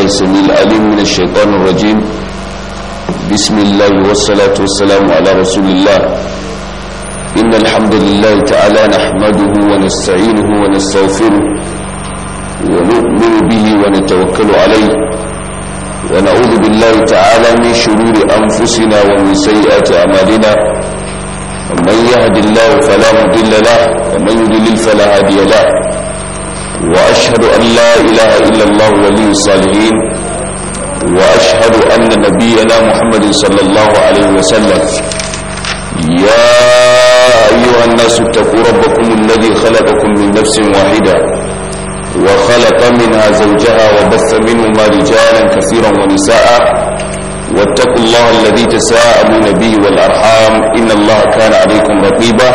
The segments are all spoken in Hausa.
الله السميع العليم من الشيطان الرجيم بسم الله والصلاة والسلام على رسول الله إن الحمد لله تعالى نحمده ونستعينه ونستغفره ونؤمن به ونتوكل عليه ونعوذ بالله تعالى من شرور أنفسنا ومن سيئات أعمالنا ومن يهد الله فلا مضل له ومن يضلل فلا هادي له وأشهد أن لا إله إلا الله ولي الصالحين وأشهد أن نبينا محمد صلى الله عليه وسلم يا أيها الناس اتقوا ربكم الذي خلقكم من نفس واحدة وخلق منها زوجها وبث منهما رجالا كثيرا ونساء واتقوا الله الذي تساءلون به والأرحام إن الله كان عليكم رقيبا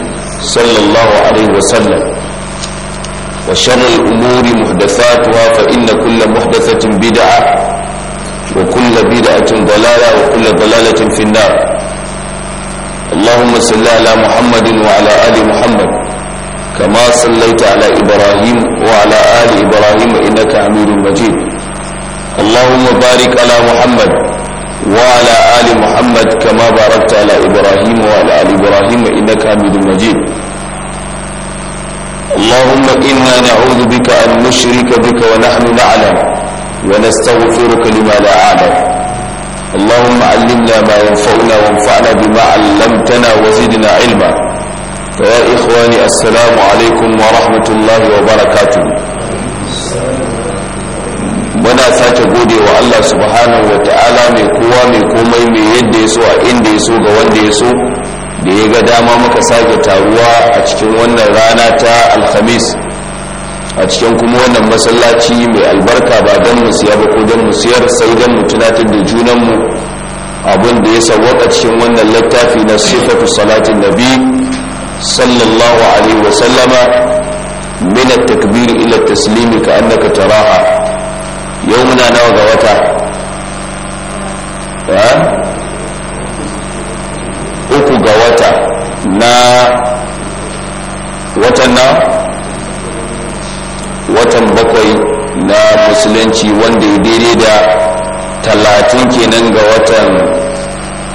صلى الله عليه وسلم وشر الأمور محدثاتها فإن كل محدثة بدعة وكل بدعة ضلالة وكل ضلالة في النار اللهم صل على محمد وعلى آل محمد كما صليت على إبراهيم وعلى آل إبراهيم إنك حميد مجيد اللهم بارك على محمد وعلى آل محمد كما باركت على إبراهيم وعلى آل إبراهيم إنك حميد مجيد اللهم إنا نعوذ بك أن نشرك بك ونحن نعلم ونستغفرك لما لا أعلم اللهم علمنا ما ينفعنا وانفعنا بما علمتنا وزدنا علما فيا إخواني السلام عليكم ورحمة الله وبركاته muna sake gode wa Allah subhanahu wa ta'ala mai kowa mai komai mai yadda ya so a inda ya so ga wanda ya so da ya ga dama muka sake taruwa a cikin wannan rana ta alhamis a cikin kuma wannan masallaci mai albarka ba don mu siya ba ko don mu siyar sai don mu tunatar da junanmu abin da ya sawwaka cikin wannan littafi na sifatu salatin nabi sallallahu alaihi wa sallama min at-takbir ila taslimi ka annaka taraha yau muna nawa ga wata uku ga wata na watan na watan bakwai na musulunci wanda ya daidai da talatin kenan ga watan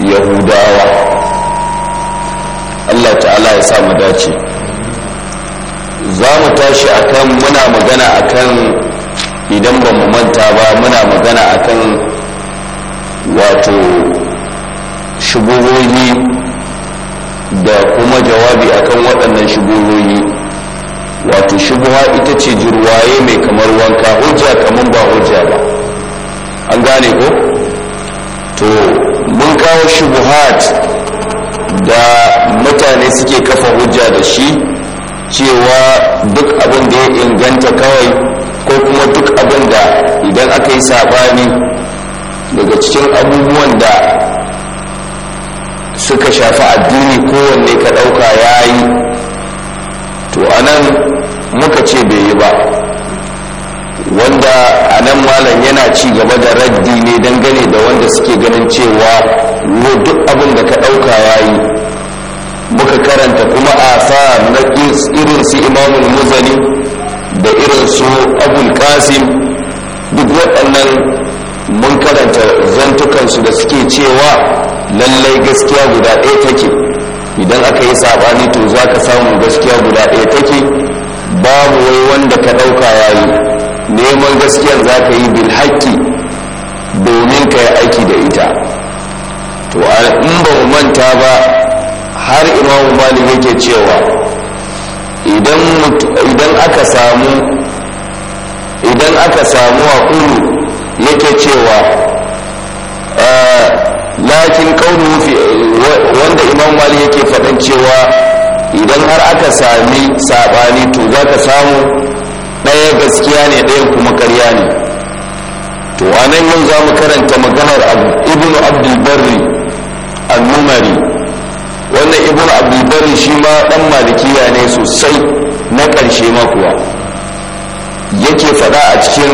yahudawa allah ta'ala ya sa mu dace za mu tashi akan muna magana akan idan ba mu manta ba muna magana akan wato shubuhohi da kuma jawabi akan waɗannan shubuhohi wato shubuha ita ce jirwaye mai kamar wanka hujja kamar ba hujja ba an gane ko to mun kawo shubuhat da mutane suke kafa hujja da shi cewa duk abin da ya inganta kawai ko kuma duk abin da idan aka yi sabani daga cikin abubuwan da suka shafi addini kowanne ka ɗauka ya yi to anan muka ce bai yi ba wanda anan malam yana ci gaba da raddi ne dangane da wanda suke ganin cewa wo duk abin da ka ɗauka ya muka karanta kuma a sa na irin su imamul muzani da irin su abul kasim duk waɗannan mun karanta zantukansu da suke cewa lallai gaskiya guda ɗaya take idan aka yi saɓani to za ka samu gaskiya guda ɗaya take babu wai wanda ka ɗauka yayi neman gaskiyar za ka yi bil haƙƙi domin ka yi aiki da ita to in ba mu manta ba har imamu malik yake cewa idan aka samu idan aka samu aqulu yake cewa eh, lakin kaunu wanda imam mali yake faɗin cewa idan har aka sami saɓani to za ka samu ɗaya gaskiya ne ɗaya kuma karya ne to a nan yau za mu karanta maganar ibn abdulbarri al-numari wannan ibn bari shi ma dan malikiya ne sosai na ƙarshe makuwa yake faɗa a cikin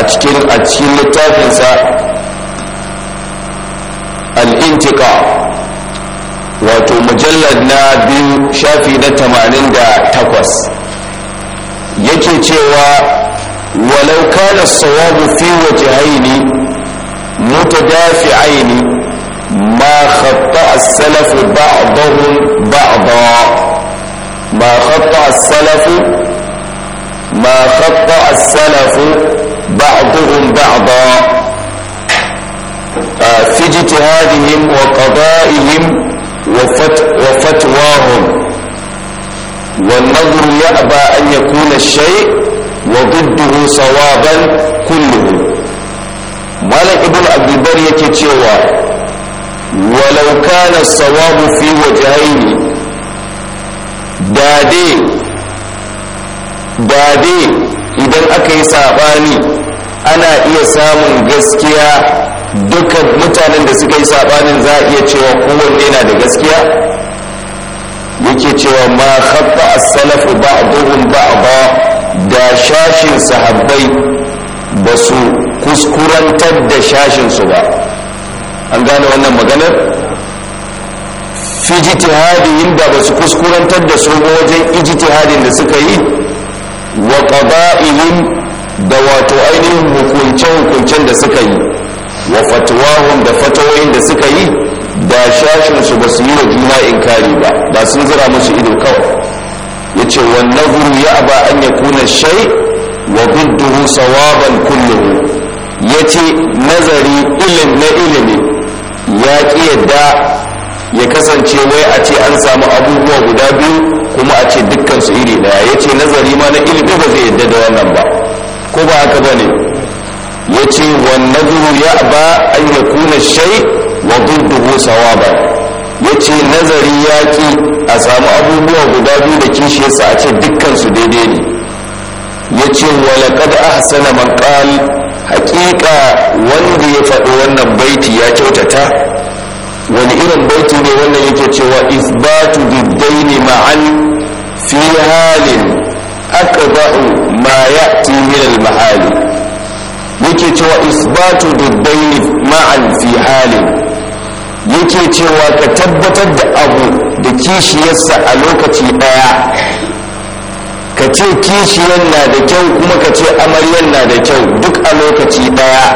a cikin a cikin littafinsa al'intika wato mujallar na biyu shafi na tamanin da takwas yake cewa walau kana sawabu fi wajahaini mutadafi'aini ما خطأ السلف بعضهم بعضا ما خطأ السلف ما خطأ السلف بعضهم بعضا آه، في اجتهادهم وقضائهم وفتواهم والنظر يأبى أن يكون الشيء وضده صوابا كله مالك ابن عبد البر يكي walau kana sawabu fi wajhaini dade dade idan aka yi sabani ana iya samun gaskiya duka mutanen da suka yi sabanin za a iya cewa kowanne na da gaskiya yake cewa ma khabba a salafu ba'dhum ba da shashin sahabbai ba su kuskurantar da sashin su ba an gane wannan maganar fi jitihadi da ba su kuskurantar da su wajen ijtihadin da suka yi wa qada'ihim da wato ainihin hukunce hukuncen da suka yi wa fatwahum da fatawoyin da suka yi da shashin su ba su yi wa juna inkari ba ba sun zira musu ido kawai yace wannan guru ya aba an ya kuna shai wa bidduhu sawaban kulluhu yace nazari ilim na ilimi ya ƙi yadda ya kasance wai a ce an samu abubuwa guda biyu kuma a ce dukkan su iri daya ya ce nazari ma na ilimi ba zai yadda da wannan ba ko ba haka ba ne ya ce wannan ya ba an ya kuna shai wa dubu sawa ba ya ce nazari ya ƙi a samu abubuwa guda biyu da kishiyarsa a ce dukkan su daidai ne ya ce walaƙad ahsana man qala hakika wanda ya faɗi wannan baiti ya kyautata wani irin baiti ne wannan yake cewa isbatu bidaini ma'an fi halin akba'u ma ya'ti min al yake cewa isbatu bidaini ma'an fi halin yake cewa ka tabbatar da abu da kishiyarsa a lokaci ɗaya? ka ce kishiyar na da kyau kuma ka ce amaryar na da kyau duk a lokaci daya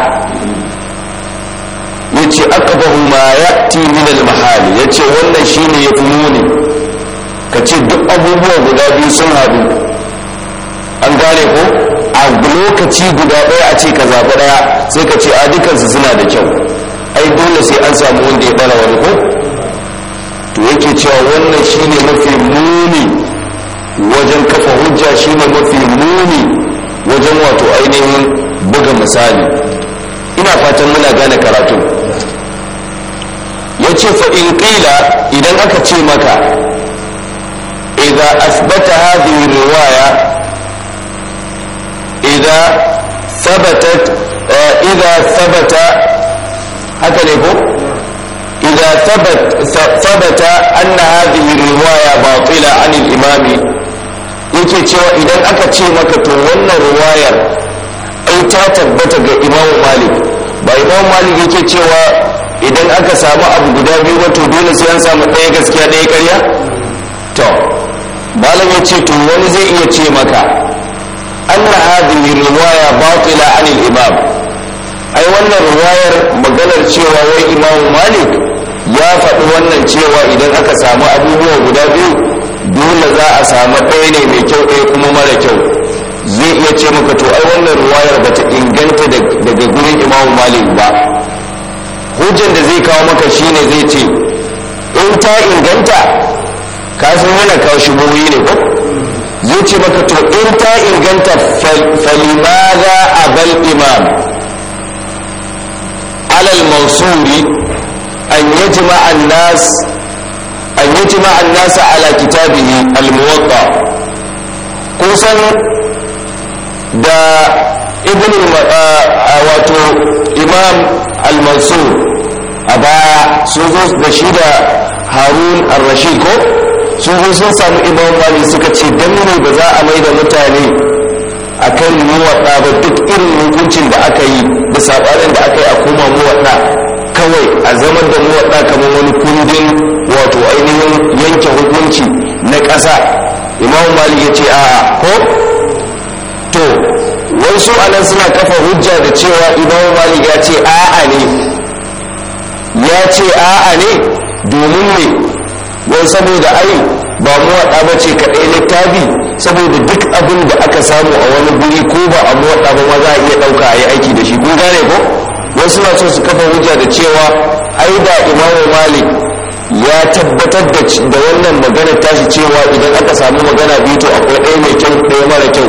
ya ce bahu ma ya ti minal mahali ya ce wannan shi ne ya fi nuni ka ce duk abubuwa guda biyu sun haɗu an gane ko a lokaci guda ɗaya a ce ka zaɓi ɗaya sai ka ce a dukansu suna da kyau ai dole sai an samu wanda ya ɓara wani ko to yake cewa wannan shi shine mafi muni wajen kafa hujja shine mafi muni wajen wato ainihin buga misali ina fatan muna gane karatu ya ce in ƙila idan aka ce maka idan asbata hadhihi riwaya idan sabatat eh, idan sabata haka ne ko idan sabata anna hadhihi riwaya batila an al-imami yake cewa idan aka ce maka to wannan ruwayar ai ta tabbata ga imamu malik ba imamu malik yake cewa idan aka samu abu guda biyu ba to dole sai an samu ɗaya gaskiya ɗaya karya to malam ya ce to wani zai iya ce maka anna hadhihi riwaya batila an imam ai wannan riwayar maganar cewa wai imamu malik ya faɗi wannan cewa idan aka samu abubuwa guda biyu dole za a samu ɗaya ne mai kyau ɗaya kuma mara kyau zai iya ce maka to ai wannan ruwayar ba ta inganta daga gurin imamu malik ba hujjan da zai kawo maka shine zai ce in ta inganta ka san yana kawo shubuhi ne ko zai ce maka to in ta inganta falimaza abal imam alal mansuri an yi jima'an nas an yajma an-nasa ala kitabihi al-muwatta ko san da ibn wato imam al-mansur a baya sun zo da shi da harun ar-rashid ko sun zo sun samu ibn malik suka ce dan ne ba za a mai da mutane akan muwatta ba duk irin hukuncin da aka yi da sabarin da aka yi a koma muwatta kawai a zaman da wadda kamar wani kundin wato ainihin yanke hukunci na ƙasa imam malik ya ce a ko to wasu anan suna kafa hujja da cewa imam malik ya ce a'a ne ya ce a ne domin ne wai saboda ai ba mu wadda ba ce kaɗai littafi saboda duk abin da aka samu a wani guri ko ba a wadda ba ma za a iya ɗauka a yi aiki da shi kun gane ko wasu na so su kafa hujja da cewa ai da imamu malik ya tabbatar da wannan magana tashi cewa idan aka samu magana biyu to akwai ɗaya mai kyau ɗaya mara kyau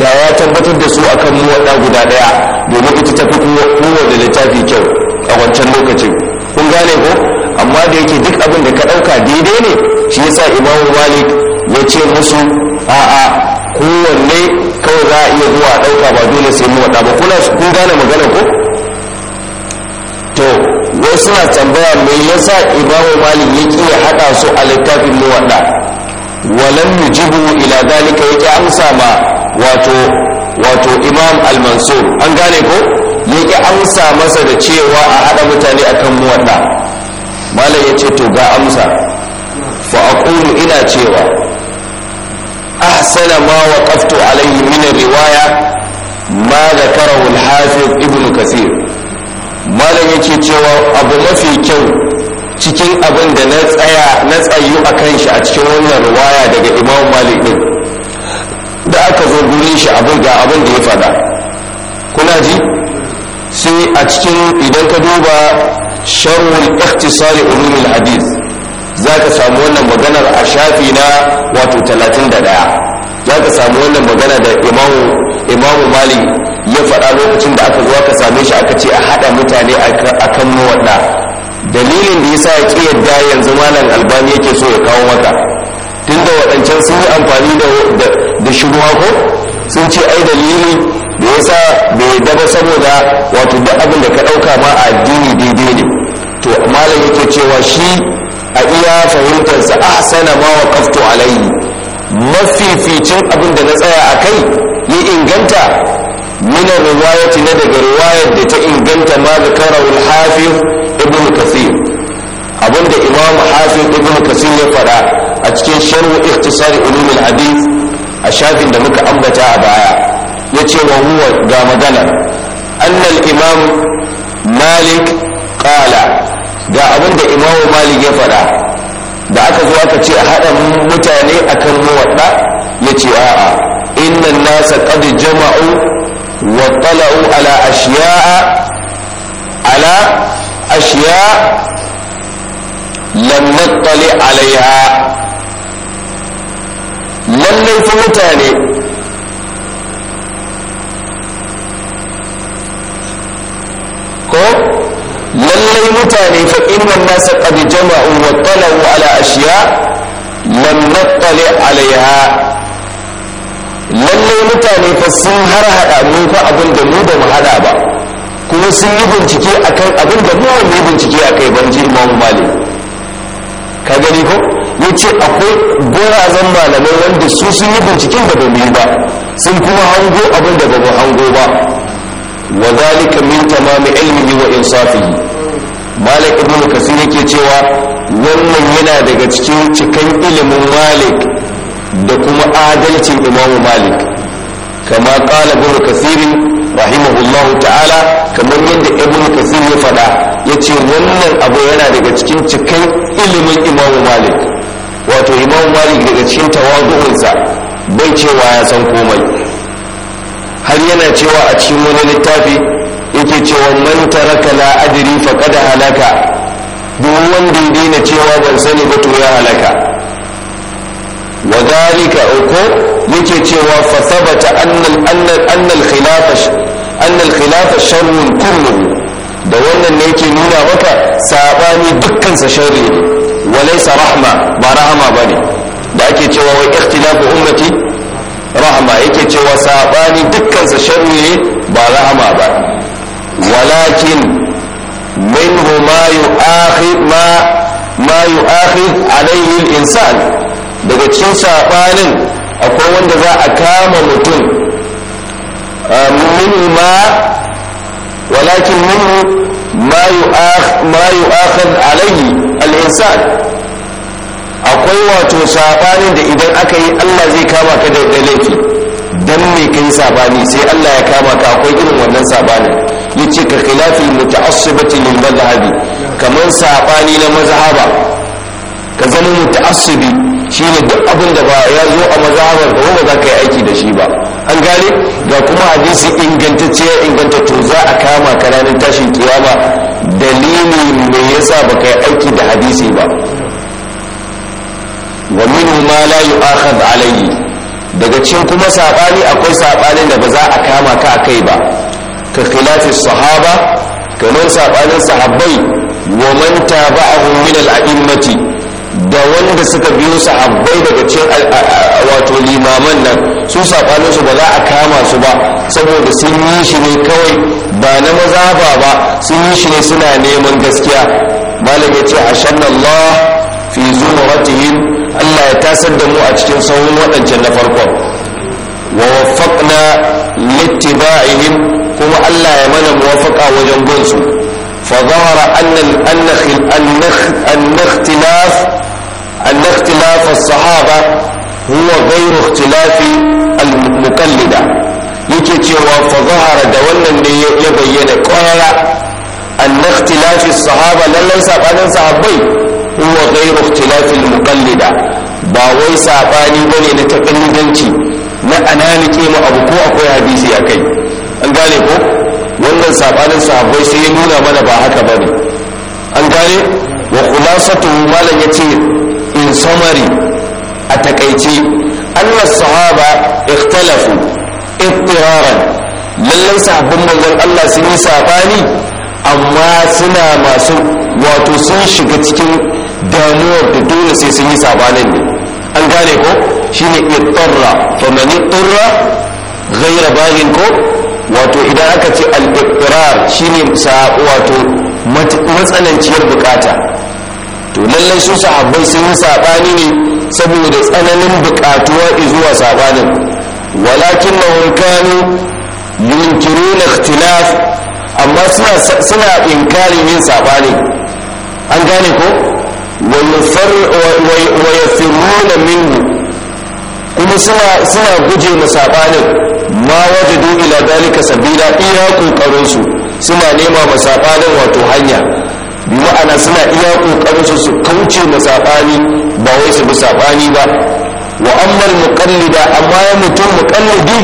da ya tabbatar da su akan mu wada guda ɗaya domin ita tafi da littafi kyau a wancan lokacin kun gane ko amma da yake duk abin da ka ɗauka daidai ne shi yasa imamu malik ya ce musu a'a kowanne kawai za a iya zuwa ɗauka ba dole sai mu wada ba kuna kun gane magana ko to wasu suna tambaya me yasa imamu malik yake ya hada su a littafin wada walan yujibu ila dalika yake amsa ma wato wato imam al-mansur an gane ko yake amsa masa da cewa a hada mutane akan mu Malik malam yace to ga amsa fa aqulu ina cewa ahsana ma waqaftu alayhi min riwaya ma dhakarahu al-hafiz ibnu kathir malam yake cewa abu mafi kyau cikin abin da na tsaya na tsayu a kan shi a cikin wannan ruwaya daga imam malik din da aka zo gurin shi abin ga abin da ya faɗa kuna ji sai a cikin idan ka duba sharhul ikhtisari ulumul hadith za ka samu wannan maganar a shafi na wato 31 za ka samu wannan magana da imamu imamu ya faɗa lokacin da aka zo ka same shi aka ce a haɗa mutane a kan mawaɗa dalilin da yasa ya ƙi yadda yanzu malam albani yake so ya kawo maka tunda waɗancan sun yi amfani da shubuha ko sun ce ai dalili da yasa bai daba saboda wato da abin da ka ɗauka ma a addini daidai ne to malam yake cewa shi a iya fahimtarsa ahsana ma waqaftu alayhi mafificin abin da na tsaya a kai ya inganta mina riwayati na daga riwayar da ta inganta ma da karawul hafiz ibn kasir abin da imam hafiz ibn kasir ya faɗa a cikin sharhu ikhtisari ulumul hadith a shafin da muka ambata a baya ya ce wa huwa ga magana annal imam malik qala ga abin da imam malik ya faɗa. da aka zo aka ce a haɗa mutane akan muwaɗa ya ce a'a innan nasa qad jama'u wa tala'u ala ashiya'a ala ashiya lam nattali alaiha lallai fa mutane ko lallai mutane fa innan nasa qad jama'u wa talabu ala ashiya lam nattali alaiha lallai mutane fa sun har hada mu fa abin da mu ba mu hada ba kuma sun yi bincike akan abin da mu ba mu bincike akai ban ji imamu malik ka gani ko yace akwai gorazan malamai wanda su sun yi binciken da ba mu yi ba sun kuma hango abin da ba mu hango ba وذلك من تمام علمه وإنصافه wa malik ibn kasir yake cewa wannan yana daga cikin cikan ilimin malik da kuma adalcin imamu malik kama kala ibn kasir rahimahullah ta'ala kamar yadda ibn kasir ya faɗa ya ce wannan abu yana daga cikin cikan ilimin imamu malik wato imamu malik daga cikin tawazu'unsa bai cewa ya san komai har yana cewa a cikin wani littafi yake cewa man taraka la adri faqad halaka duk wanda ya daina cewa ban sani ba to ya halaka wa dalika uku yake cewa fa thabata annal anna al khilafa anna al sharrun kullu da wannan ne yake nuna maka sabani dukkan sa sharri ne wa laysa rahma ba rahama bane da ake cewa wa ikhtilafu ummati rahma yake cewa sabani dukkan sa sharri ne ولكن منه ما يؤاخذ ما ما يؤاخذ عليه الإنسان daga cikin saɓanin akwai wanda za a kama mutum ah, minhu ma walakin minhu ma yu'akhad alayhi al-insan akwai wato saɓanin da idan aka yi Allah zai kama ka da laifi don me kai saɓani sai Allah ya kama ka akwai irin wannan saɓanin yace ka khilafi muta'assibati lil madhhabi kaman sabani na mazhaba ka zama muta'assibi shine duk abin da ba ya zo a mazhabar ka ba za ka yi aiki da shi ba an gane ga kuma hadisi ingantacce ya inganta to za a kama ka ranar tashin kiyama dalili me yasa ka yi aiki da hadisi ba wa minhu ma la yu'akhad alayhi daga cikin kuma sabani akwai sabanin da ba za a kama ka akai ba ka khilafin sahaba kamar saɓanin sahabbai wa man taba'ahum min al-a'immati da wanda suka biyo sahabbai daga cikin wato limaman nan su saɓanin su ba za a kama su ba saboda sun yi shi ne kawai ba na maza ba sun yi shi ne suna neman gaskiya malam ya ce ashanna Allah fi zumaratihim Allah ya tasar da mu a cikin sauran waɗancan na farko wa waffaqna littiba'ihim kuma Allah ya mana muwafaka wajen bin su fa zahara anna anna ikhtilaf anna ikhtilaf as-sahaba huwa ghayru ikhtilafi al-muqallida yake cewa fa zahara da wannan ne ya bayyana qarara anna ikhtilaf as-sahaba lallan sabanin sahabbai huwa ghayru ikhtilaf al-muqallida ba wai sabani bane na taqallidanci na anani ke mu abu ko akwai hadisi akai an gane ko wannan sabanin sahabbai sai ya nuna mana ba haka bane an gane wa khulasatu malam yace in summary a takaice anna sahaba ikhtalafu ittiraran lallan sahabban manzon Allah sun yi sabani amma suna masu wato sun shiga cikin damuwar da dole sai sun yi sabanin ne an gane ko shine ittarra to man ittarra ghayra baghin ko wato idan aka ce al-iqrar shine wato matsananciyar bukata to lallai su sahabbai sun yi sabani ne saboda tsananin bukatuwa zuwa sabanin walakin na kanu yunkiruna ikhtilaf amma suna suna inkarin yin sabani an gane ko wa yafirruna minhu kuma suna suna guje mu sabanin ma wajadu ila dalika sabila iya kokarin su suna nema masabanin wato hanya bi ma'ana suna iya kokarin su su kauce masabani ba wai su bi sabani ba wa amma muqallida amma ya mutum muqallidi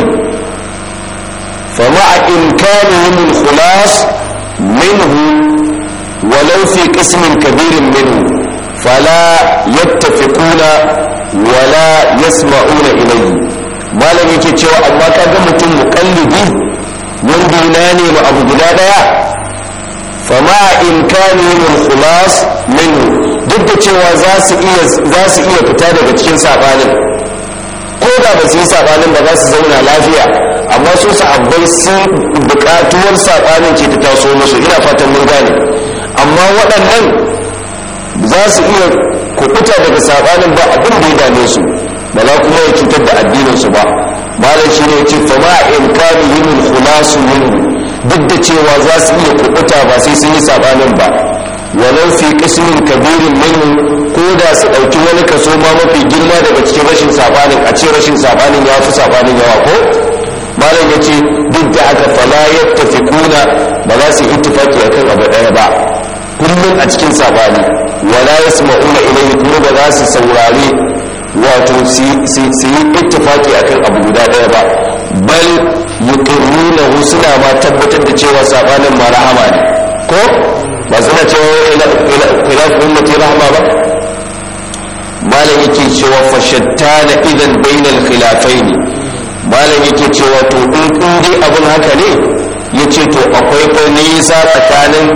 fa ma'a imkanihim al-khulas minhu walau fi qismin kabirin minhu fala yattafiquna wala yasma'una ilayhi malam yake cewa amma ka ga mutum muqallidi wanda yana ne ma abu guda daya in imkani min khulas min duk da cewa za su iya za su iya fita daga cikin sabanin ko da ba su yi sabanin ba za su zauna lafiya amma su sahabbai sun bukatuwar sabanin ce ta taso musu ina fatan mun gane amma waɗannan za su iya kubuta daga sabanin ba abin da ya dame su Bala kuma ya cutar da addininsu ba malam shi ne ce fama in kani yi min khulasu min duk da cewa za su iya kubuta ba sai sun yi sabanin ba walau fi kismin kabirin min ko da su ɗauki wani kaso ma mafi girma daga cikin rashin sabanin a ce rashin sabanin ya fi sabanin yawa ko malam ya ce duk da aka fala kuna, ba za su yi a kan abu ɗaya ba kullum a cikin sabani wala yasma'una ilayhi kuma ba za su saurari wato su yi ittifaki akan abu guda daya ba bal yuqirrunahu suna ma tabbatar da cewa sabanin ma rahama ne ko ba suna cewa khilaf ummati rahama ba malam yake cewa fashattana idan bainal khilafaini malam yake cewa to in dai abun haka ne yace to akwai fa nisa tsakanin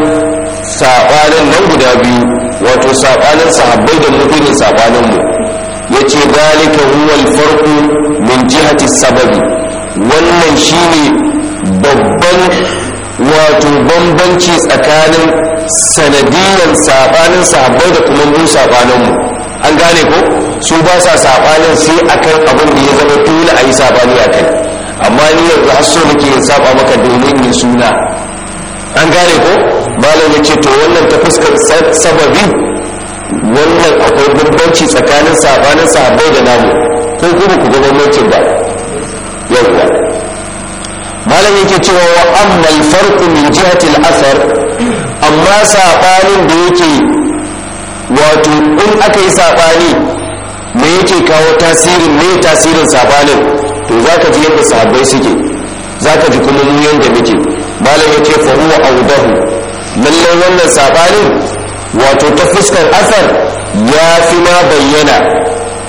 sabanin nan guda biyu wato sabanin sahabbai da mutumin sabanin mu yace dalika huwa alfarqu min jihati sababi wannan shine babban wato bambanci tsakanin sanadiyar sabanin sahabbai da kuma mu sabanin mu an gane ko su ba sa sabanin sai akan abin da ya zama dole a yi sabani akai amma ni yanzu har so nake yin saba maka domin yin suna an gane ko malam yace to wannan ta fuskar sababi wannan akwai bambanci tsakanin sabanin sabai da namu ko kuma ku ga da ba yawwa malam yake cewa wa amma alfarqu min jihati al-athar amma sabanin da yake wato in aka yi sabani me yake kawo tasirin me tasirin sabanin to zaka ji yadda sabai suke zaka ji kuma mu yanda muke malam yake fa huwa awdahu lallai wannan sabanin wato ta fuskar asar ya fi ma bayyana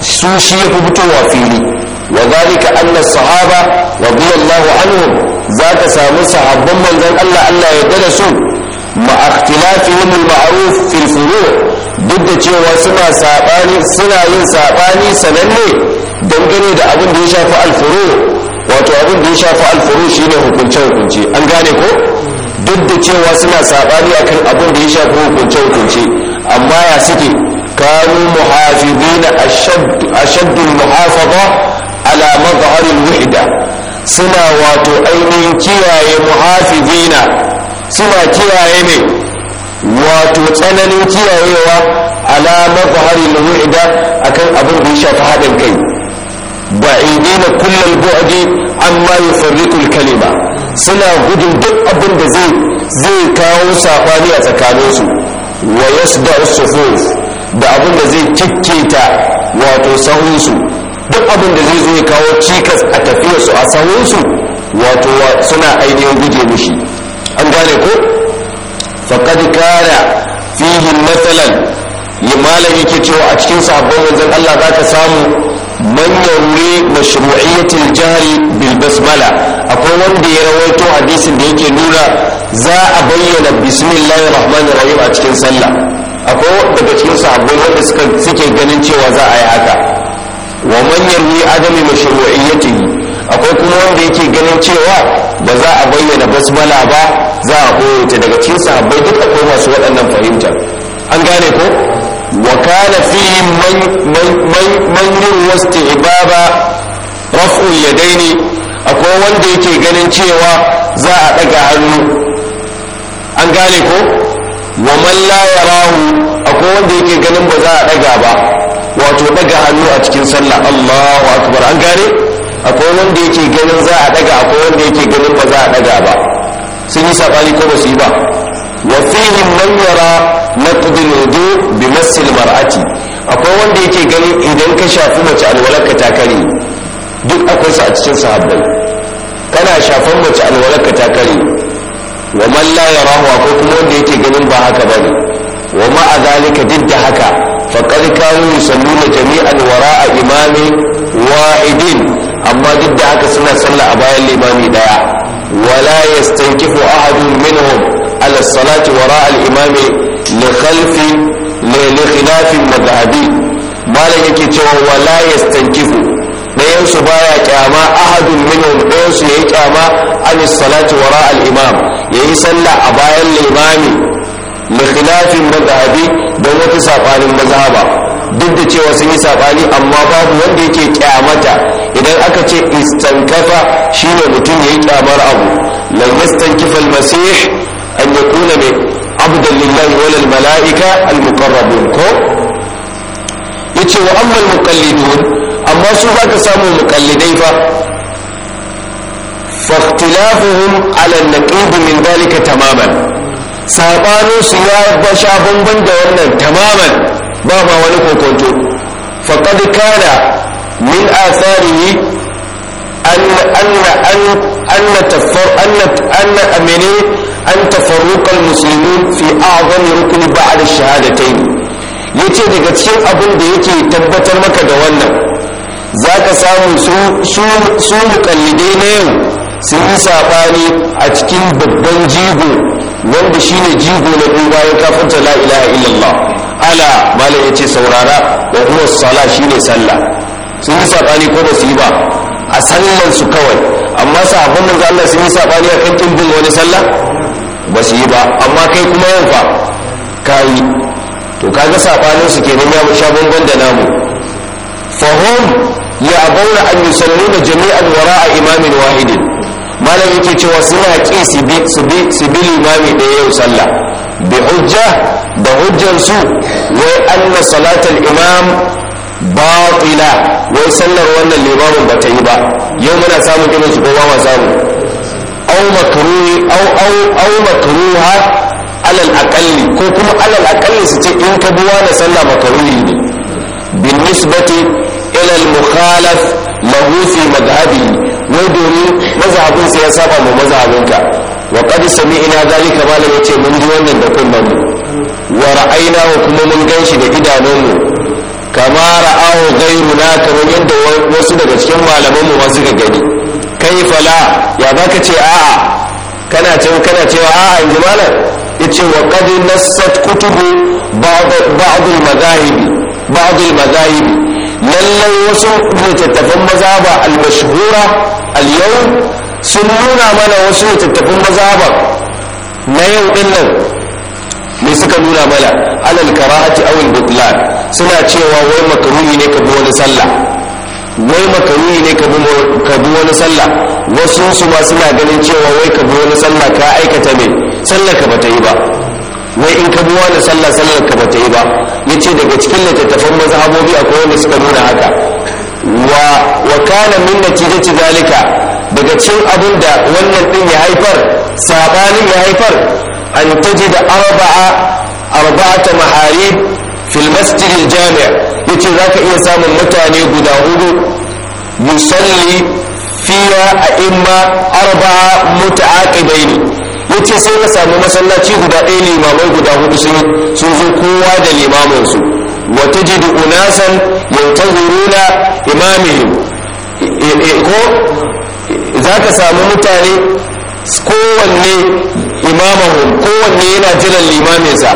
su shi ya fi fitowa fili wa zalika annas sahaba radiyallahu anhum za ka samu sahabban manzon Allah Allah ya da su ma ikhtilafihim al-ma'ruf fil furu' duk da cewa suna sabani suna yin sabani sananne dangane da abin da ya shafi al-furu' wato abin da ya shafi al-furu' shine hukunce hukunce an gane ko duk da cewa suna sabani akan abin da ya shafi hukunce hukunce amma ya suke kanu muhafizina ashaddul muhafaza ala mazharil wahda suna wato ainihin kiyaye muhafizina suna kiyaye ne wato tsananin kiyayewa ala mazharil wahda akan abin da ya shafi haɗin kai ba'idina kullal bu'di amma yufarriqul kalima suna gudun duk abin da zai kawo saɓani a tsakaninsu wa yasda sufuf da abin da zai ta wato sahunsu duk abin da zai zo ya kawo cikas a tafiyarsu a sahunsu wato suna ainihin guje mishi an gane ko faqad kana fihi mathalan malam yake cewa a cikin sabon manzon Allah zaka samu man yarwi mashru'iyyatil jahri bil basmala akwai wanda ya rawaito hadisin da yake nuna za a bayyana bismillahir rahmanir rahim a cikin sallah akwai daga cikin sahabbai wanda suka suke ganin cewa za a yi haka wa man yarwi adami mashru'iyyatihi akwai kuma wanda yake ganin cewa ba za a bayyana basmala ba za a koyo ta daga cikin sahabbai duk akwai masu waɗannan fahimta an gane ko وكان فيهم من من من, من يروى استحباب رفع اليدين akwai wanda yake ganin cewa za a daga hannu an gane ko wa man la yarahu akwai wanda yake ganin ba za a daga ba wato daga hannu a cikin sallah Allahu akbar an gane akwai wanda yake ganin za a daga akwai wanda yake ganin ba za a daga ba sun yi sabani ko ba su yi ba wa fihim man yara naqdul wudu bi masil mar'ati akwai wanda yake ganin idan ka shafi mace alwalarka ta duk akwai su a cikin sahabbai kana shafan mace alwalarka ta kare wa man la yarahu akwai kuma wanda yake ganin ba haka bane wa a zalika duk da haka faqad kanu yusalluna jami'an wara'a imami wa'idin amma duk da haka suna sallah a bayan limami daya wala yastankifu ahadun minhum ala salati wara'a al-imami likhalfin likhilafin mazhabi malam yake cewa wala yastankifu dayan su baya kyama ahadun minhum dayan su yayi kyama an salati wara al imam yayi sallah a bayan limami likhilafin mazhabi don wata sabanin mazhaba duk da cewa sun yi sabani amma babu wanda yake kyamata idan aka ce istankafa shine mutum yayi kyamar abu lan yastankifa al masih an yakuna mai عبدا لله ولا الملائكة المقربون كو يتي وأما المقلدون أما سوف تسامو مقلدين فاختلافهم على النقيض من ذلك تماما sabanin su ya basha bamban da wannan tamaman ba ma wani kokonto faqad kana min atharihi an anna an anna an tafarruqal muslimin fi a'zami rukni ba'da shahadatayn yace daga cikin abin da yake tabbatar maka da wannan zaka samu su mukallidai na yau sun yi saɓani a cikin babban jigo wanda shine jigo na duba ya kafarta la ilaha illallah ala malam yace saurara wa huwa sala shine sallah sun yi saɓani ko ba su yi ba a sallan su kawai amma sahabban manzo Allah sun yi saɓani a kan bin wani sallah ba su yi ba amma kai kuma yau fa ka yi to ga sabanin su kenan ya mu sha da namu fahum ya abauna an yusallu da jami'an a imamin wahidin malam yake cewa suna ki su bi su limami da yau sallah bi hujja da hujjar su wai anna salatul imam batila wai sallar wannan limamin ba ta yi ba yau muna samun irin su ko ba ma samu au makruhi au au au alal aqalli ko kuma alal aqalli su ce in ka bi wani sallah makruhi ne bin nisbati ila al mukhalaf lahu fi madhhabi wai domin mazhabin sa ya saba mu mazhabinka wa qad sami'na zalika malam yace mun ji wannan da kullum wa ra'ayna kuma mun ganshi da idanunmu kama ra'ahu ghayruna kamar yadda wasu daga cikin malaman mu ma suka gani kaifa la ya zaka ce a'a kana cewa kana cewa a'a in ji malam yace wa qad nassat kutubu ba'd ba'd al-madahib ba'd al-madahib lallai wasu littattafan mazhaba al-mashhura al-yawm sun nuna mana wasu littattafan mazhaba na yau din nan me suka nuna mana alal karahati aw al-butlan suna cewa wai makruhi ne ka bi wani sallah wai makaruhi ne ka bi wani sallah wasu su ma suna ganin cewa wai ka bi wani sallah ka aikata mai sallah ka bata yi ba wai in ka bi wani sallah sallah ka bata yi ba yace daga cikin littattafan mazhabobi akwai wanda suka nuna haka wa wa kana min natijati zalika daga cikin abin da wannan din ya haifar sabanin ya haifar an tajida arba'a arba'ata maharib fil masjid al yace za ka iya samun mutane guda hudu musalli fiya a imma arba'a muta'aqibai ne yace sai ka samu masallaci guda ɗaya limamai guda hudu sun sun zo kowa da limamin su wa tajidu unasan yantazuruna imamihim e, e, e, ko za ka samu mutane kowanne imamahum kowanne yana jiran limaminsa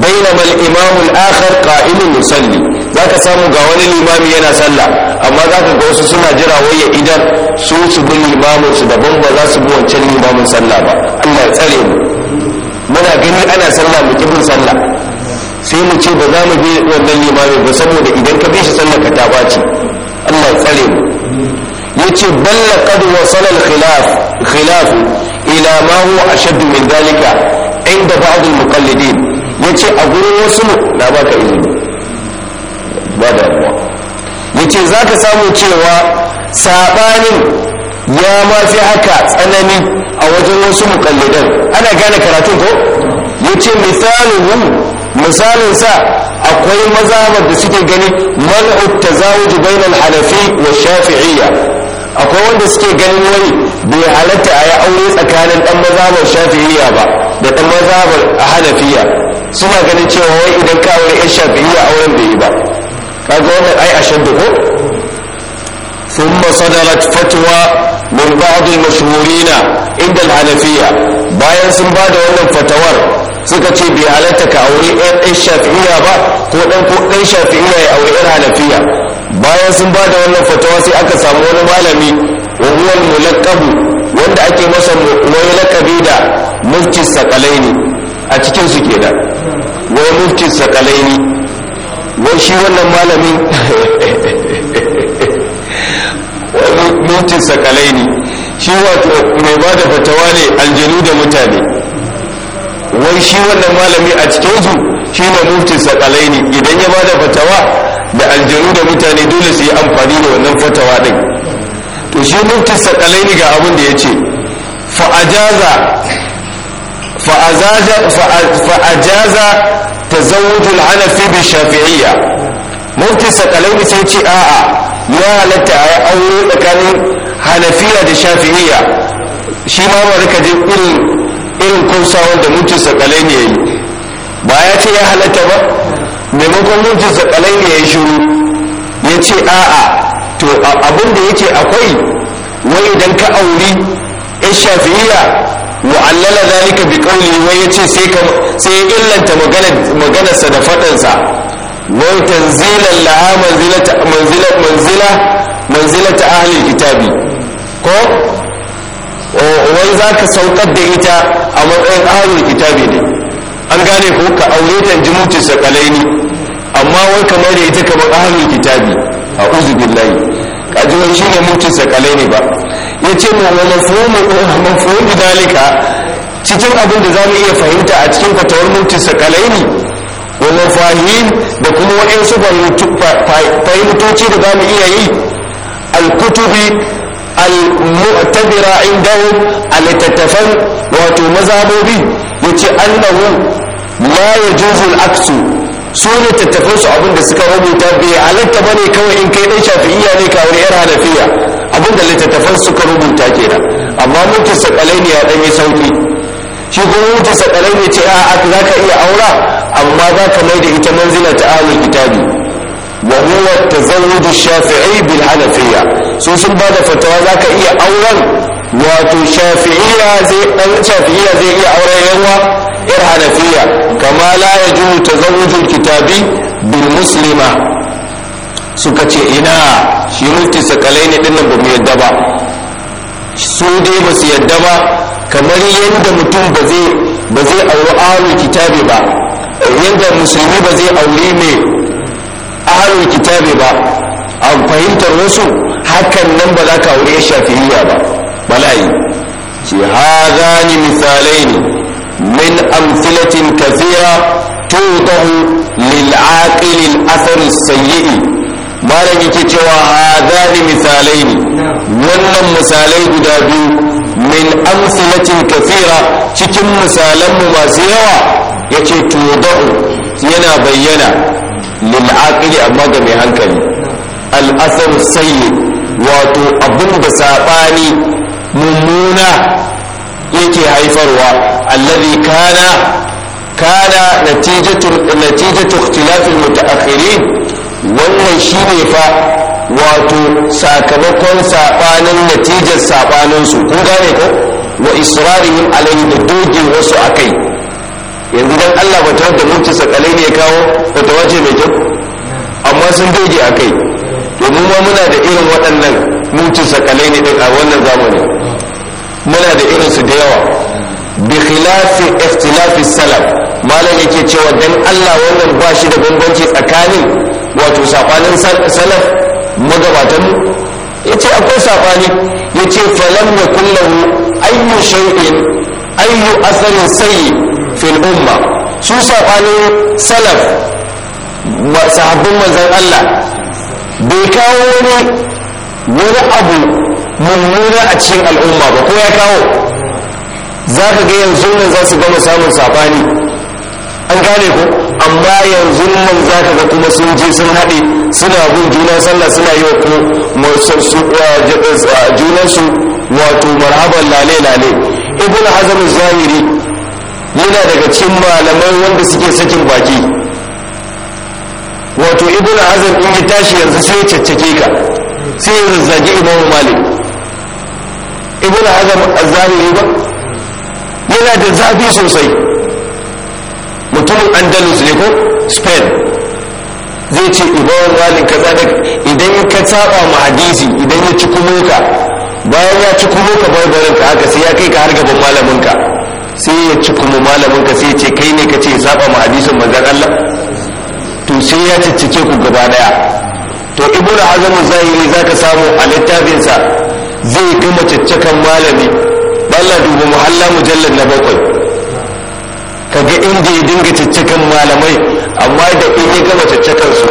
bainama al-imamu al-akhar qa'imun musalli. za ka samu ga wani limami yana sallah amma za ka ga wasu suna jira wai ya idan su su bi limamin su daban ba za su bi wancan limamin sallah ba Allah ya tsare mu muna gani ana sallah mu kibin sallah sai mu ce ba za mu bi wannan limamin ba saboda idan ka bi shi sallah ka ta baci Allah ya tsare mu yace balla qad wasala al khilaf khilaf ila ma huwa ashad min dalika inda ba'd al muqallidin yace a gurin wasu na baka izini ba damuwa yace za ka samu cewa saɓanin ya ma fi haka tsanani a wajen wasu mukallidan ana gane karatun ko yace misalin misalin sa akwai mazhabar da suke gani man'ut tazawuj bainal hanafi wa shafi'iyya akwai wanda suke ganin wani bai halatta a yi aure tsakanin dan mazhabar shafi'iyya ba da dan mazhabar hanafiya suna ganin cewa wai idan ka aure yan shafi'iyya auren bai yi ba kaga wannan ai ashaddu ko fatwa صدرت فتوى من بعض المشهورين عند الحنفية bayan sun ba da wannan fatawar suka ce bai halatta ka aure ɗan shafi'iya ba ko ɗan ko ɗan shafi'iya ya aure ɗan hanafiya bayan sun ba da wannan fatawa sai aka samu wani malami wa huwa mulaqabu wanda ake masa wani laqabi da mufti sakalaini a cikin su kenan wai mufti sakalaini wai shi wannan malamin wani mutum sakalai ne shi wato mai ba da fatawa ne aljanu da mutane wai shi wannan malami a cikin su shi ne mutum sakalai ne idan ya ba da fatawa da aljanu da mutane dole su yi amfani da wannan fatawa ɗin to shi mutum sakalai ne ga abin da ya ce fa'ajaza fa'ajaza tazawujul hanafi bi shafi'iyya mufti sakalaini sai ce a'a ya halatta a aure tsakanin hanafiya da shafi'iyya shi ma marika je irin irin kusa wanda mufti sakalaini ya yi ba ya ce ya halatta ba maimakon mufti ne ya shiru ya ce a'a to abin da yake akwai wai idan ka auri 'yan shafi'iyya wa'allala zalika bi qawli wa yace sai ka sai illanta magana maganarsa da sa wa tanzila la manzila manzila manzila ta ahli kitabi ko wai zaka saukar da ita a matsayin ahli kitabi ne an gane ko ka aure ta ji mutu kalaini amma wai kamar da ita kamar ahli kitabi a uzu billahi kaji wani shine mutu sakalaini ba ya ce na wa dalika cikin abin da za mu iya fahimta a cikin fatawar mutu sakalaini wa mafahim da kuma waɗansu fahimtoci da za mu iya yi alkutubi al-mu'tabira indahu al wato mazabobi ce annahu la yajuzu aksu su ne tattafin su abinda suka rubuta bai halatta bane kawai in kai dan shafi'iyya ne ka wani yar hanafiya da littattafan suka rubuta kenan amma mutu sakalai ne ya dan yi sauki shi kuma mutu sakalai ne ce a za ka iya aura amma za ka mai da ita manzila ta ahlul kitabi wa huwa tazawwud shafi'i bil hanafiyya su sun ba da fatawa za ka iya auren wato shafi'iyya zai dan shafi'iyya zai iya auren yawa ir hanafiya kama la yajuzu tazawwudul kitabi bil muslima suka ce ina shi mulki sakalai ne dinnan ba mu yadda ba su dai ba su yadda ba kamar yadda mutum ba zai ba zai auri ahlul kitabi ba yadda musulmi ba zai auri mai ahlul kitabi ba a fahimtar wasu hakan nan ba za ka aure ya shafi'iyya ba bala'i ce ha misalai ne min amsilatin kathira tudahu lil aqil al athar sayyi malam yake cewa hadani misalai ne wannan misalai guda biyu min amsalatin kafira cikin misalanmu masu yawa ya ce tudahu yana bayyana lil'aƙili amma ga mai hankali al'asar sayi wato abin da saɓani mummuna yake haifarwa allazi kana kana natijatu ikhtilafil mutaakhirin wannan shi ne fa wato sakamakon saɓanin natijar saɓaninsu kun gane ko wa israrihim alayhi da doge wasu a kai yanzu dan allah batar da mutu sakalai ne kawo bata wace mai kyau amma sun doge a kai domin ma muna da irin waɗannan mutu sakalai ne a wannan zamani muna da irinsu da yawa bi khilafi ikhtilafi salaf malam yake cewa dan allah wannan ba shi da bambanci tsakanin wato safanin salaf magabatan ya ce akwai safani ya ce falon ya kullahu ayyu shay'in ayyu asarin sayi fil umma su safanin salaf sahabbin manzan Allah bai kawo wani wani abu mummuna a cikin al'umma ba ko ya kawo za ka ga yanzu nan za su gama samun safani an gane ko amma yanzu nan za ka ga kuma sun je sun haɗe suna bin juna sallah suna yi wa junansu wato marhaban lale-lale ibn hazm zahiri yana daga cikin malaman wanda suke sakin baki wato ibn hazm in ya tashi yanzu sai caccake ka sai ya zazzage imamu malik ibn hazm zahiri ba yana da zafi sosai mutumin andalus ne ko spain zai ce ibawan malin kaza da idan ka saba ma hadisi idan ya ci kuma ka bayan ya ci kuma ka barbarin ka haka sai ya kai ka har gaban malamin ka sai ya ci kuma malamin ka sai ce kai ne ka ce saba ma hadisin manzon Allah to sai ya ciccice ku gaba daya to ibura azamin zahiri za ka samu a littafinsa zai gama ciccikan malami balla dubu muhalla mujallad na bakwai kaga inda ya dinga ciccikan malamai amma da in ya gama ciccikan su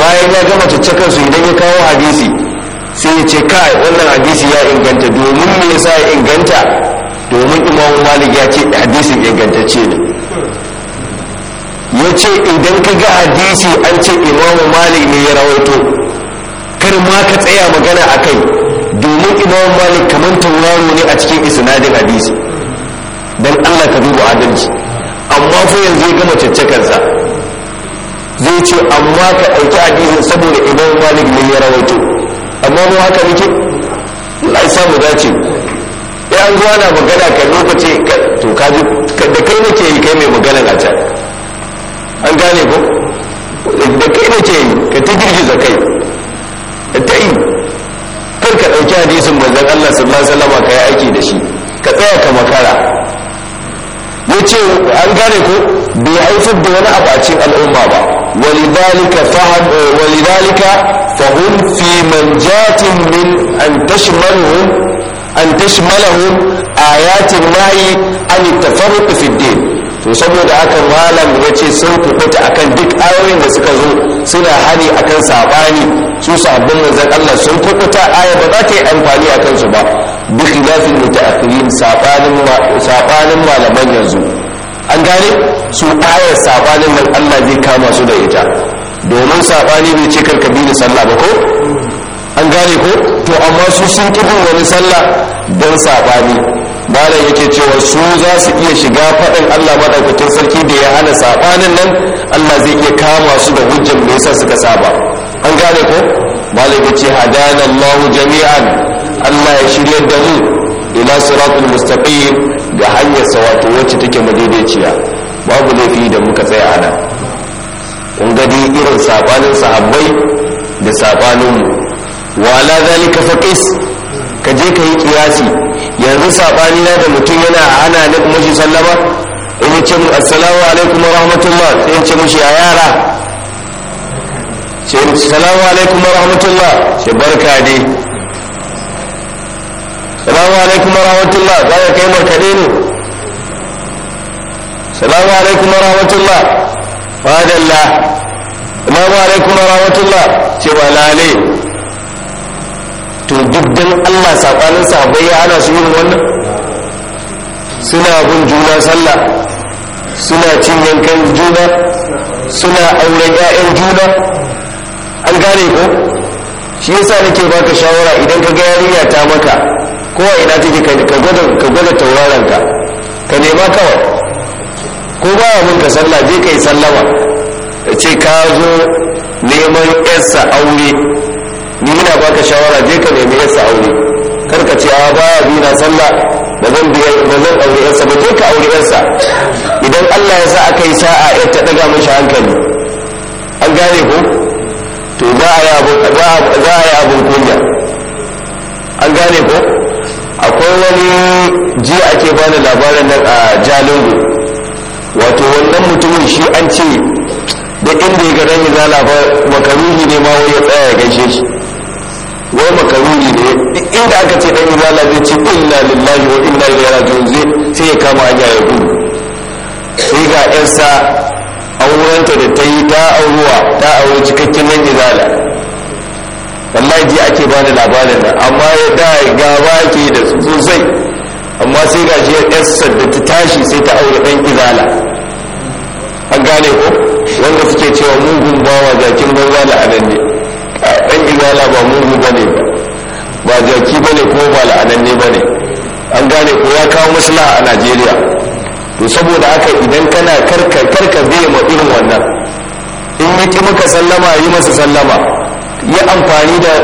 bayan ya gama ciccikan su idan ya kawo hadisi sai ya ce kai wannan hadisi ya inganta domin me yasa ya inganta domin imamu malik ya ce hadisin ingantacce ne ya ce idan ka ga hadisi an ce imamu malik ne ya rawaito kar ma ka tsaya magana a kai domin imamu malik kamar tauraro ne a cikin isnadin hadisi don Allah ka duba adalci amma fa yanzu ya gama cancakansa zai ce amma ka ɗauki hadisin saboda idan malik ne ya rawaito amma mu haka muke Allah ya mu dace ya an zuwa na magana ka lokaci to ka ji da kai nake yi kai mai magana a can an gane ko da kai nake yi ka ta girgiza kai ta yi kar ka ɗauki hadisin manzon Allah sallallahu alaihi wasallam ka yi aiki da shi ka tsaya ka makara ya ce an gane ko bai haifar da wani abacin al'umma ba walidalika fahim eh, fi manjatin min an tashmalahum an tashmalahum ayatin nahi an tafarruq fi din to saboda haka malam ya ce sun kukuta akan duk ayoyin da suka zo suna hari akan sabani su sabbin manzon Allah sun kukuta khilafin mutaakhirin sabanin sabanin malaman yanzu an gane su ayar sabanin nan Allah zai kama su da ita domin sabani bai ce karkabi da sallah ba ko an gane ko to amma su sun kibin wani sallah don sabani malam yake cewa su za su iya shiga faɗin Allah madaukakin sarki da ya hana sabanin nan Allah zai iya kama su da hujjar me yasa suka saba an gane ko malam yace hadana Allah jami'an Allah ya shirya da mu ila siratul mustaqim ga hanyar wato wacce take madaidaiciya babu laifi da muka tsaya ana. kun gadi irin sabanin sahabbai da sabanin mu wa la zalika faqis ka je ka yi kiyasi yanzu sabani na da mutum yana ana ne kuma shi sallama in ce mu assalamu alaikum wa rahmatullah sai in ce mushi a yara mu assalamu alaikum wa rahmatullah ce barka dai salamu alaikum rahmatullah za ka kai markaɗe ne salamu alaikum rahmatullah fadalla salamu alaikum rahmatullah ce ba lale to duk dan Allah sabanin sabai ya ana su yin wannan suna bin juna sallah suna cin yankan juna suna auren 'ya'yan juna an gane ko shi yasa nake baka shawara idan ka ga yarinya ta maka ko ina take ka gwada ka gwada tauraron ka ka nema kawai ko ba mun ka sallah je kai sallama ka ce ka zo neman yarsa aure ni ina baka shawara je ka nemi yarsa aure kar ka ce a ba bi na sallah da zan biya da zan aure yarsa ba je ka aure yarsa idan Allah ya sa aka yi sa'a ya ta daga mishi hankali an gane ko to za a yi abun kunya an gane ko akwai wani ji ake bani labarin nan a jalingo wato wannan mutumin shi an ce da inda ya garan yi zala ba makaruni ne ma wani ya tsaya ya gaishe shi wai makaruni ne inda aka ce dan izala zai ce inna lillahi wa inna ilaihi raji'un zai sai ya kama hanya ya gudu sai ga yarsa aurenta da ta yi ta auruwa ta auri cikakken nan izala wallahi ji ake ba da labarin nan amma ya da gaba ke da sosai amma sai ga shi ya da ta tashi sai ta aure ɗan izala an gane ko wanda suke cewa mugun bawa jakin banza da anan dan ɗan izala ba mugu ba ne ba jaki ba ne ko ba la'ananne ba ne an gane ko ya kawo maslaha a najeriya to saboda haka idan kana karka karka zai ma irin wannan in yi maka sallama yi masa sallama ya amfani da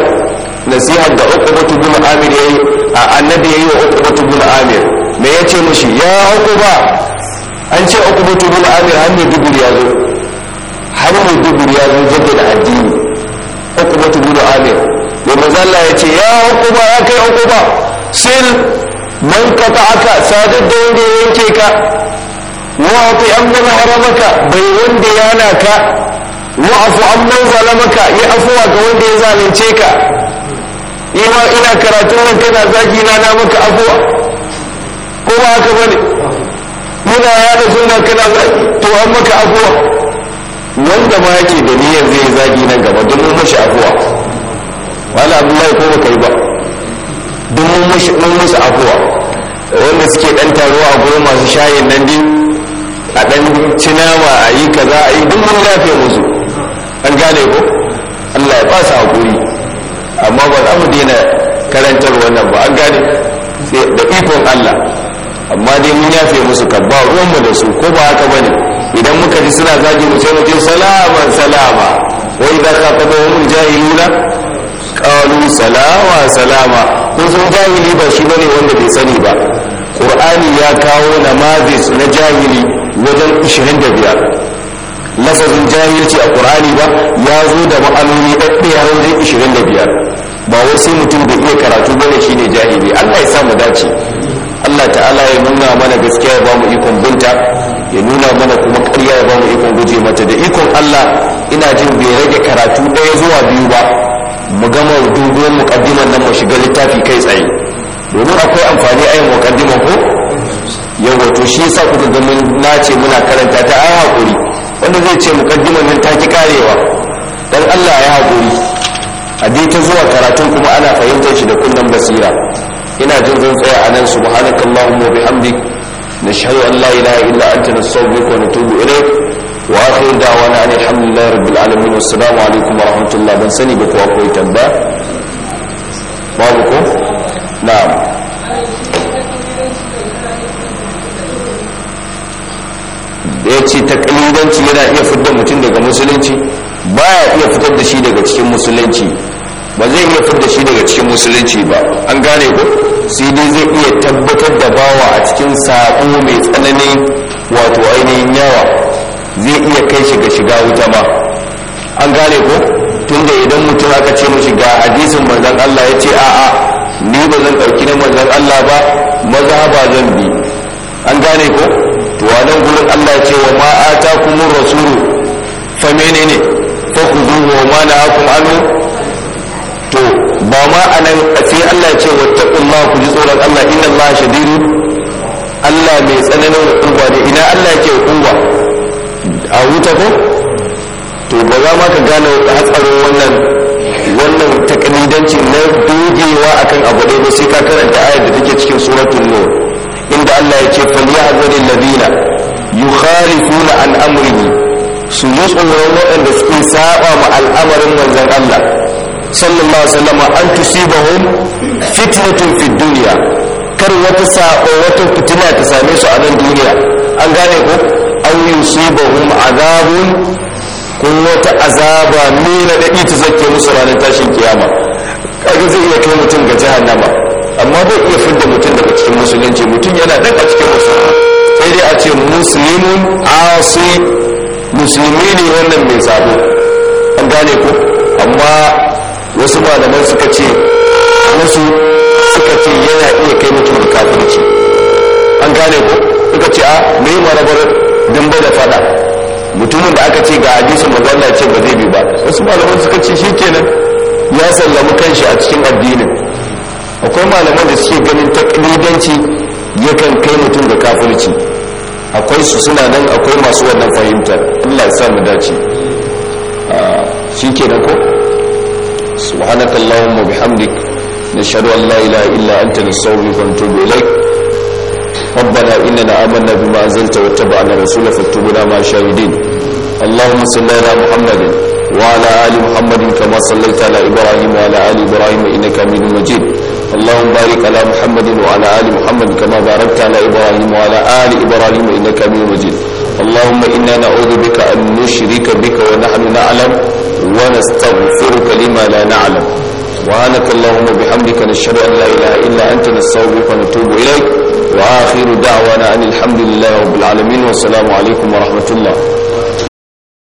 nasihar da uqbatu bin amir yayi a annabi yayi wa uqbatu bin amir me yace mishi ya uqba an ce uqbatu bin amir har ne dubur ya zo har ne dubur ya zo jaddada addini uqbatu bin amir da mazalla Allah yace ya uqba ya kai uqba sil man aka sadar da wanda yake ka wa ati amma haramaka bai wanda yana ka wa'afu amman zalamaka yi afuwa ga wanda ya zalunce ka ima ina karatun nan kana zagi na na maka afuwa ko ba haka bane muna yada sunna kana zagi to an maka afuwa wanda ma yake da niyyar zai zagi nan gaba duk mun mashi afuwa wala abdullahi ko baka yi ba duk mun mashi mun musu afuwa wanda suke dan taruwa a gurin masu shayin nan din a dan cinama a yi kaza a yi duk mun lafiya musu an gane ko Allah ya ba su amma ba za mu daina karantar wannan ba an gane da ikon Allah amma dai mun yafe musu ka ba ruwanmu da su ko ba haka bane idan muka ji suna zagi mu sai mu ce salaman salama wa idza khatabahum jahiluna qalu salama salama ko sun jahili ba shi bane wanda bai sani ba qur'ani ya kawo namazis na jahili wajen 25 lasarin jahilci a qur'ani ba ya zo da ma'anoni ɗaya wajen ishirin da biyar ba wai sai mutum da iya karatu ba bane shine jahili allah ya samu dace allah ta'ala ya nuna mana gaskiya ya bamu ikon binta ya nuna mana kuma ƙarya ya bamu ikon guje mata da ikon allah ina jin bai rage karatu ɗaya zuwa biyu ba mu gama dogon muƙaddimar nan mu shiga littafi kai tsaye domin akwai amfani a yin muƙaddimar ko yawa to shi yasa kuka ga mun nace muna karanta ta ayi hakuri wanda zai ce mukaddimar nan ta ki karewa don Allah ya haƙuri a bi ta zuwa karatun kuma ana fahimtar shi da kullum basira ina jin zan tsaya a nan subhanakallahumma wa bihamdik nashhadu an la ilaha illa anta nastaghfiruka wa natubu ilayk wa akhir da'wana alhamdulillahi rabbil alamin wassalamu alaikum wa rahmatullahi ban sani ba ko akwai tamba babu ko na'am da ya ce takalidanci yana iya fitar mutum daga musulunci ya iya fitar da shi daga cikin musulunci ba zai iya fitar da shi daga cikin musulunci ba an gane ko sai dai zai iya tabbatar da bawa a cikin saƙo mai tsanani wato ainihin yawa zai iya kai shi ga shiga wuta ba an gane ko da idan mutum aka ce mashi ga hadisin manzon Allah ya ce a'a ni ba zan ɗauki na manzon Allah ba maza ba zan bi an gane ko wa nan gurin Allah ce wa ma kuma rasulu fa menene fa khudhuhu wa ma nahakum anu to ba ma anan sai Allah ya ce wattaqullah ku ji tsoron Allah inna Allah shadidu Allah mai tsananin hukuma ne ina Allah ke hukuma a wuta ko to ba za ma ka gane hatsarin wannan wannan takalidanci na dogewa akan abu ɗaya ba sai ka karanta ayar da take cikin suratul nur inda Allah ya ce falyahzaril ladina yukhalifuna an amrihi su yi tsoron waɗanda suke saba ma al'amarin manzon Allah sallallahu alaihi wasallam an tusibahum fitnatun fid dunya kar wata sa'o wata fitina ta same su a nan duniya an gane ko an yusibahum azabun ko wata azaba nuna daɗi ta zake musu ranar tashin kiyama kaga zai iya kai mutum ga jahannama amma bai iya fidda mutum daga cikin muslimun asi musulmi wannan mai sabo an gane ku amma wasu malaman suka ce wasu suka ce yana iya kai mutum da kafirci an gane ku suka ce a mai marabar dambe da fada mutumin da aka ce ga hadisin manzo Allah ce ba zai bi ba wasu malaman suka ce shi kenan ya sallamu kanshi a cikin addinin akwai malaman da suke ganin taklidanci yakan kai mutum da kafirci akwai su suna nan akwai masu wannan fahimtar Allah ya sa mu dace ah, shi ke ko subhanakallahumma bihamdik nashhadu an la ilaha illa anta nastaghfiruka wa natubu ilaik ربنا إننا آمنا بما أنزلت واتبعنا الرسول فاتبنا مع شاهدين اللهم صل على محمد وعلى آل محمد كما صليت على إبراهيم وعلى آل إبراهيم إنك حميد مجيد اللهم بارك على محمد وعلى آل محمد كما باركت على إبراهيم وعلى آل إبراهيم إنك حميد مجيد اللهم إنا نعوذ بك أن نشرك بك ونحن نعلم ونستغفرك لما لا نعلم وعانك اللهم بحمدك نشهد أن لا إله إلا أنت نستغفرك ونتوب إليك وآخر دعوانا أن الحمد لله رب العالمين والسلام عليكم ورحمة الله